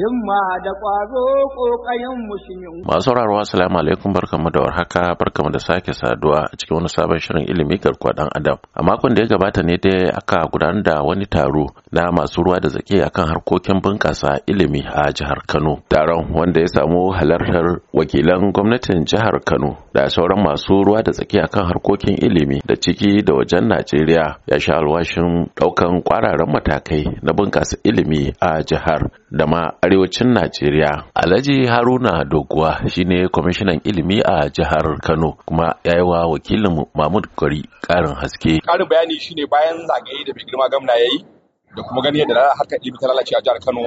himma da ƙwazo ƙoƙayen mushimin. Masu sauraro assalamu alaikum barkamu da warhaka barkamu da sake saduwa a cikin wani sabon shirin ilimi garkuwa ɗan adam. A makon da ya gabata ne dai aka gudanar da wani taro na masu ruwa da zake akan harkokin bunƙasa ilimi a jihar Kano. Taron wanda ya samu halartar wakilan gwamnatin jihar Kano da sauran masu ruwa da tsaki akan harkokin ilimi da ciki da wajen Najeriya ya sha alwashin ɗaukan ƙwararren matakai na bunƙasa ilimi a jihar da ma arewacin Najeriya. Alhaji Haruna Doguwa shine kwamishinan ilimi a jihar Kano kuma ya yi wakilin Mahmud Gori karin haske. Ƙarin bayani shine bayan zagaye da mai girma gamna ya yi da kuma gani yadda harkar ilimi ta lalace a jihar Kano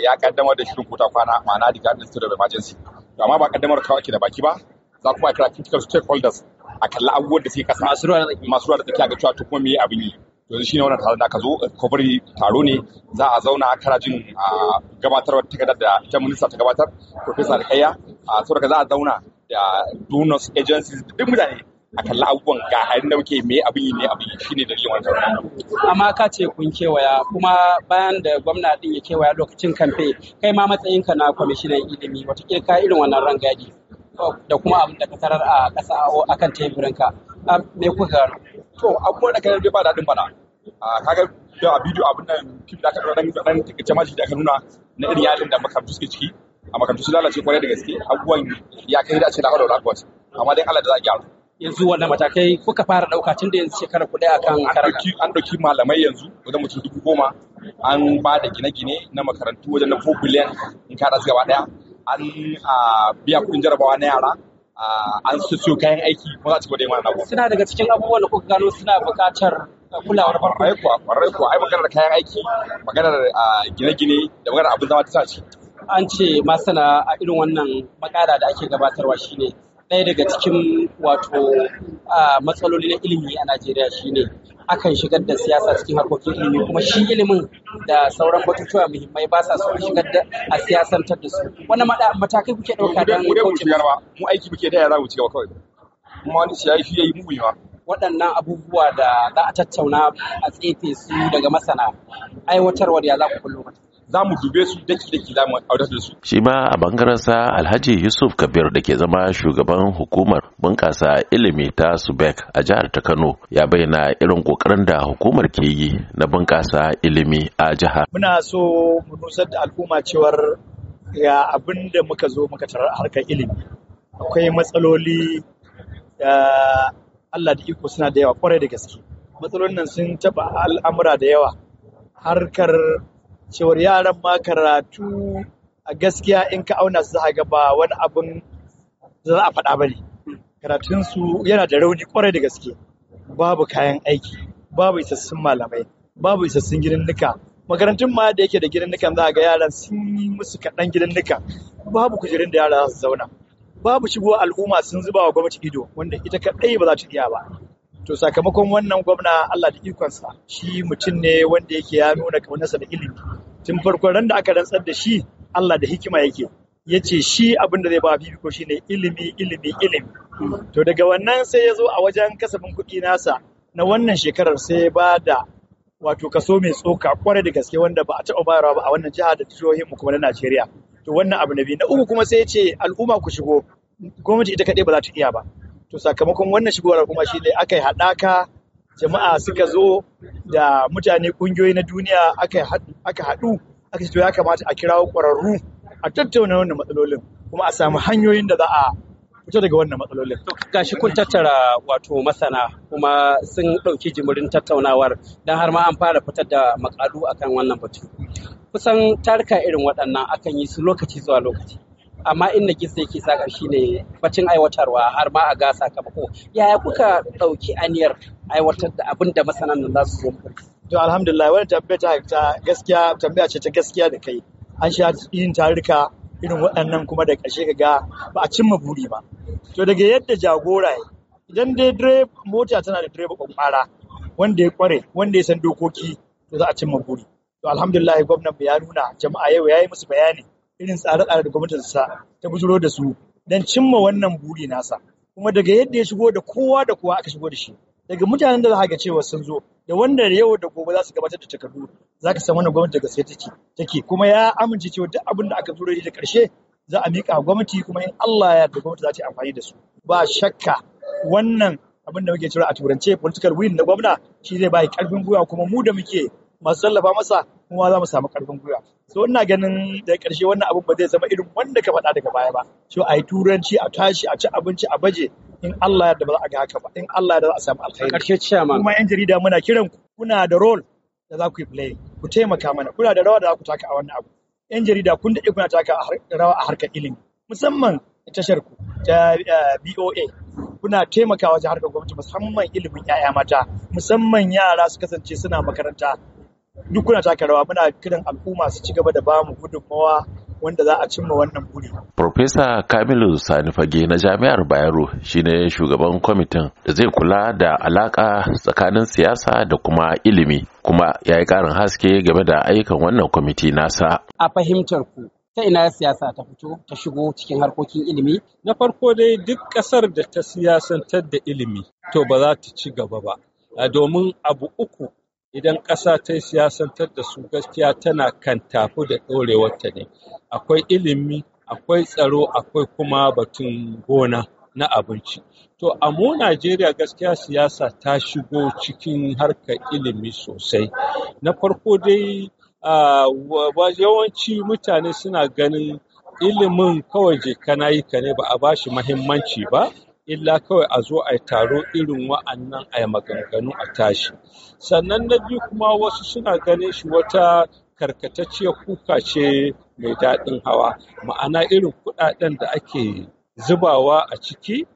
ya kaddamar da shirin kota kwana ma'ana da gadin da of emergency. Amma ba kaddamar kawai ke da baki ba za kuma kira critical stakeholders a kalli abubuwan da suke kasa masu ruwa da tsakiya ga cewa to kuma me abin yi. Yanzu shi ne wannan taron da aka zo eh, kofari taro ne za a zauna kana jin a gabatarwar takardar da ita minista ta gabatar professor alkaya a saboda za a zauna da donors agencies duk mutane a kalli abubuwan ga harin da muke me abin yi ne abin yi shine dalilin wannan amma ka ce kun kewaya kuma bayan da gwamna din ya kewaya lokacin kamfe kai ma matsayinka na kwamishinan ilimi watakila ka irin wannan rangadi da kuma abin da ka tarar a ƙasa akan teburinka me kuka to abubuwan da kai dai ba daɗin faɗa a kaga da a bidiyo abin nan kim da aka ɗora nan ɗan takaice da aka nuna na irin yalin da makarantu suke ciki a makarantu sun lalace kwarai da gaske abubuwan ya kai da ce na haɗa da amma dai Allah da za a gyara yanzu wannan matakai kuka fara ɗauka tun da yanzu shekara kuɗi a kan karatu an ɗauki malamai yanzu wajen mutum dubu goma an ba da gine-gine na makarantu wajen na 4 biliyan in kaɗa su gaba ɗaya an biya kuɗin jarabawa na yara an su kayan aiki ko za su gode mana abubuwa. Suna daga cikin abubuwan da kuka gano suna buƙatar kulawar farko. Ai kuwa, ƙwarai kuwa, ai maganar kayan aiki, maganar gine-gine da maganar abin zama ta sace. An ce masana a irin wannan makara da ake gabatarwa shine ɗaya daga cikin wato matsaloli na ilimi a Najeriya shine akan shigar da siyasa cikin harkokin ilimi kuma shi ilimin da sauran batutuwa muhimmai ba sa son shigar da a siyasantar da su wannan matakai kuke ɗauka don kauce mu aiki muke da yara mu ci gaba kawai kuma wani siyayi shi yayi mu yawa waɗannan abubuwa da za a tattauna a tsefe su daga masana aiwatarwar ya za ku kullu mata za mu dube su daki daki za mu aure da su shi ma a bangaren Alhaji Yusuf Kabir da ke zama shugaban hukumar bunƙasa ilimi ta Subek a jihar ta Kano ya bayyana irin kokarin da hukumar ke yi na bunƙasa ilimi a jihar muna so mu nusar da al'umma cewar ya abin da muka zo muka tarar harkar ilimi akwai matsaloli da Allah da iko suna da yawa kwarai da gaske matsalolin nan sun taɓa al'amura da yawa harkar cewar yaran ma karatu a gaskiya in ka auna su za ga ba wani abin za a faɗa ba ne karatunsu yana da rauni kwarai da gaske babu kayan aiki babu isassun malamai babu isassun gininnika makarantun ma da yake da gininnikan za a ga yaran sun yi musu kaɗan gininnika babu kujerun da yara za su zauna babu shigo al'umma sun zuba wa gwamnati ido wanda ita kaɗai ba za ta iya ba to sakamakon wannan gwamna Allah da ikonsa shi mutum ne wanda yake ya nuna kaunarsa da ilimi tun farko ran da aka rantsar da shi Allah da hikima yake yace ce shi abin da zai ba fifiko shi ne ilimi ilimi ilimi to daga wannan sai ya zo a wajen kasafin kuɗi nasa na wannan shekarar sai ba da wato kaso mai tsoka kwarai da gaske wanda ba a taɓa bayarwa ba a wannan jiha da jihohin mu kuma na Najeriya to wannan abu na biyu na uku kuma sai ya ce al'umma ku shigo gwamnati ita kaɗai ba za ta iya ba to sakamakon wannan shigowar kuma shi ne aka yi haɗaka jama'a suka zo da mutane ƙungiyoyi na duniya aka haɗu aka to ya kamata a kirawo ƙwararru a tattauna wannan matsalolin kuma a samu hanyoyin da za a fita daga wannan matsalolin. Gashi kun tattara wato masana kuma sun ɗauki jimirin tattaunawar don har ma an fara fitar da makalu akan wannan batu. Kusan tarka irin waɗannan akan yi su lokaci zuwa lokaci. amma inda gizo yake saka ne bacin aiwatarwa har ma a ga sakamako yaya kuka ɗauki aniyar aiwatar da abin da masana nan za su zo to alhamdulillah wani tambaya ta gaskiya tambaya ce ta gaskiya da kai an sha yin tarurruka irin waɗannan kuma da ƙarshe ka ga ba a cimma buri ba to daga yadda jagora idan dai mota tana da direba kwakwara wanda ya kware wanda ya san dokoki to za a cimma buri to alhamdulillah gwamnan ya nuna jama'a yau ya yi musu bayani irin tsare-tsare da sa ta bujuro da su don cimma wannan buri nasa kuma daga yadda ya shigo da kowa da kowa aka shigo da shi daga mutanen da za ga cewa sun zo da wanda yau da gobe za su gabatar da takardu za ka samu wannan gwamnati da gaske take take kuma ya amince cewa duk abin da aka turo da karshe za a miƙa gwamnati kuma in Allah ya yarda gwamnati za ta yi amfani da su ba shakka wannan abin da muke cewa a turance political will na gwamna shi zai bai karfin gwiwa kuma mu da muke masu tallafa masa kuma za mu samu karfin gwiwa so ina ganin da karshe wannan abun ba zai zama irin wanda ka faɗa daga baya ba so a yi turanci a tashi a ci abinci a baje in Allah ya da ba za a ga haka ba in Allah ya da za a samu alkhairi karshe ma. kuma yan jarida muna kiran ku kuna da role da za ku yi play ku taimaka mana kuna da rawa da za ku taka a wannan abu yan jarida kun daɗe kuna taka rawa a harkar ilimi musamman tashar ku ta eh, BOA kuna taimakawa wajen harkar gwamnati musamman ilimin 'ya'ya mata musamman yara su kasance suna makaranta duk kuna taka rawa muna kiran al'umma su ci gaba da ba mu gudunmawa wanda za a cimma wannan buri. Profesa Kamilu Sani Fage na Jami'ar Bayero shine shugaban kwamitin da zai kula da alaka tsakanin siyasa da kuma ilimi kuma ya yi ƙarin haske game da ayyukan wannan kwamiti nasa. A fahimtar ku ta ina siyasa ta fito ta shigo cikin harkokin ilimi? Na farko dai duk kasar da ta siyasantar da ilimi to ba za ta ci gaba ba. Domin abu uku Idan ƙasa ta yi siyasantar da su, gaskiya tana kan tafi da ɗorewarta ne. Akwai ilimi, akwai tsaro, akwai kuma batun gona na abinci. To, a mu Najeriya gaskiya siyasa ta shigo cikin harkar ilimi sosai. Na farko dai, yawanci mutane suna ganin ilimin kawai je kana yi ka ne ba a bashi muhimmanci ba. illa kawai a zo a yi taro irin wa'annan a maganganu a tashi sannan na biyu kuma wasu suna ganin shi wata karkatacciyar kuka ce mai daɗin hawa ma'ana irin kuɗaɗen da ake zubawa a ciki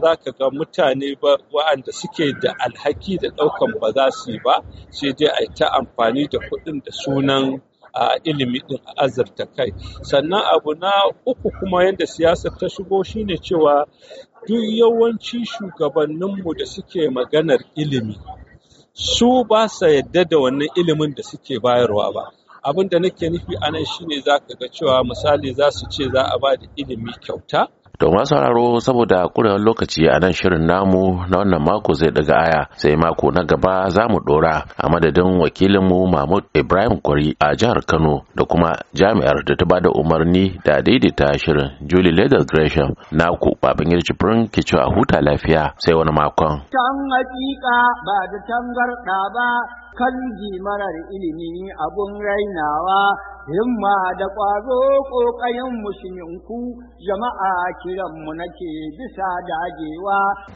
za ka ga mutane wa'anda suke da alhaki da ɗaukan ba za su yi ba sai dai a yi ta amfani da kuɗin da sunan a ilimi din azurta kai sannan abu na uku kuma yadda siyasar ta shigo shine cewa duk yawanci shugabanninmu da suke maganar ilimi su ba sa yadda da wannan ilimin da suke bayarwa ba abin da nake nufi anan nan shine za ka ga cewa misali za su ce za a ba da ilimi kyauta To masu sauraro saboda kurewar lokaci a nan shirin namu na wannan mako zai daga aya sai mako na gaba za mu dora a madadin wakilinmu Mahmud Ibrahim Kwari a jihar Kano da kuma jami'ar da ta bada umarni da daidaita shirin Julie Leather Gresham na ku babin yarci furin ke cewa huta lafiya sai wani makon. Can hakika ba da tangarda ba kanji marar ilimi abun rainawa himma da ƙwazo ƙoƙarin musulunku, jama'a kiranmu nake bisa dagewa